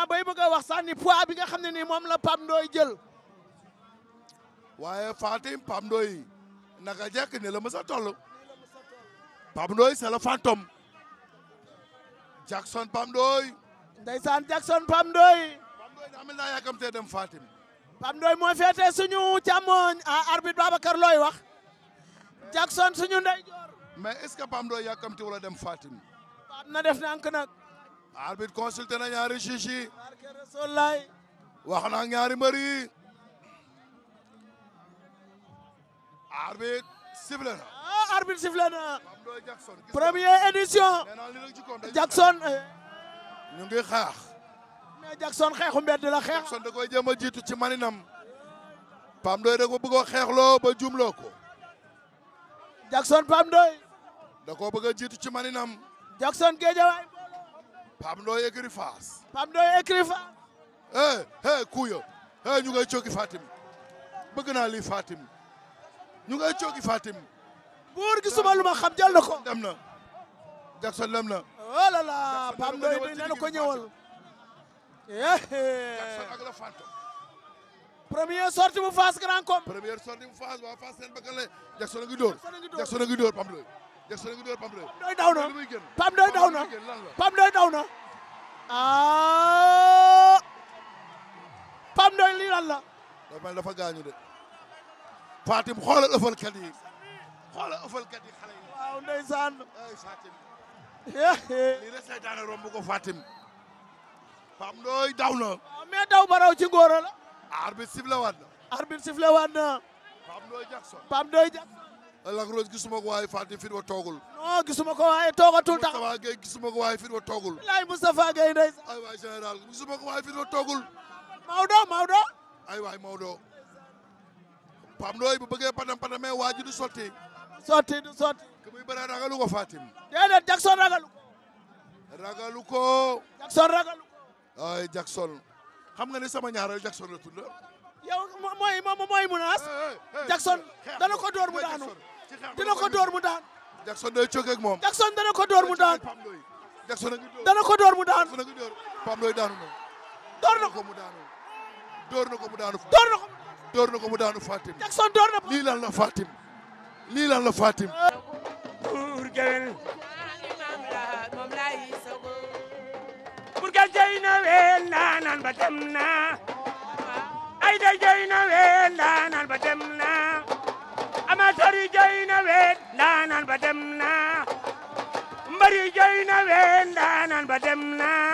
naa bay bëgg wax sànni poids bi nga xam ne ni moom la Pape Ndoye jël. waaye Fatim Pape Ndoye naka jekk ne la mës a toll. Pape Ndoye c'est le fantôme. Jackson Pape Ndoye. ndeysaan Jackson Pape Ndoye. Pape Ndoye daa mel naa yàkkamtee looy wax. Jackson suñu ndeyjoor. mais est-ce que Pape Ndoye yàkkamti wala dem Fatim. Pape na def nank arbitre consulté na ñaari chichi wax na ñaari mbër yi arbitre sifflé na ah arbitre sifflé na première édition Jackson eh. ñu ngi xaax Jackson xeexu mbedd la xeex Jackson da koy a jiitu ci maninam Pam Doy da ko bëgg a xeexloo ba jumloo ko Jackson Pam Doy da ko jiitu ci maninam Jackson Guédiawaye Pape Ndoye écurie Fass. Pape Ndoye écurie Fass. ñu ngay cooki Fatim bëgg naa lii Fatim ñu ngay cooki Fatim. buur gi suma lu ma xam jël na ko. dem na na. oh là là Pape Ndoye ko ñëwal. Jackson ak bu Fass grand combat. première sortie bu Fass waa Fass seen bëgg la Jackson ngi dóor Jackson ngi dóor Pape Ndoye. Jackson ngi door Pam Doy daw na Pam Doy daw na Pam Pam Doy lii lan la gaañu de Fatim xoolal ëffalkat yi xoolal ëffalkat yi xale yi waaw Doy daw na mais daw ba ci góora la arbitre sifflé waat na arbitre sifflé Lac Rose gisuma ko waaye Fatim fit wa toogul. non gisuma ko waaye toogatul tax. Moustapha Gueye gisuma ko waaye fit wa toogul. laay Moustapha Gueye ay waaye fit wa toogul. Maodo Maodo. ay waay bu bëggee patam patamee waa ji du sotti. sotti du sotti. ku muy bëree ragalu ko Fatim. déedéet Jackson ragalu ko. ragalu ko. ay Jackson. xam nga ni sama ñaareel Jackson la tudd. yow mooy mooy Mounass. Jackson dana ko door mu daanu. dina ko door mu daan. Jackson day jóge ak moom. Jackson dana ko door mu daan. Jackson dana ko door mu daan. Pam Ndoye daanu na. door na ko mu daanu. door na ko mu daanu. door na ko door na ko mu daanu Fatim. Jackson door na ko lii lan la Fatim. lii lan la Fatim. pour gën. moom laa yi sogo. pour que jëy na weel naa naan ba dem naa. ay day jëy na daanan ba dem na mbari joy na ween daanan ba dem na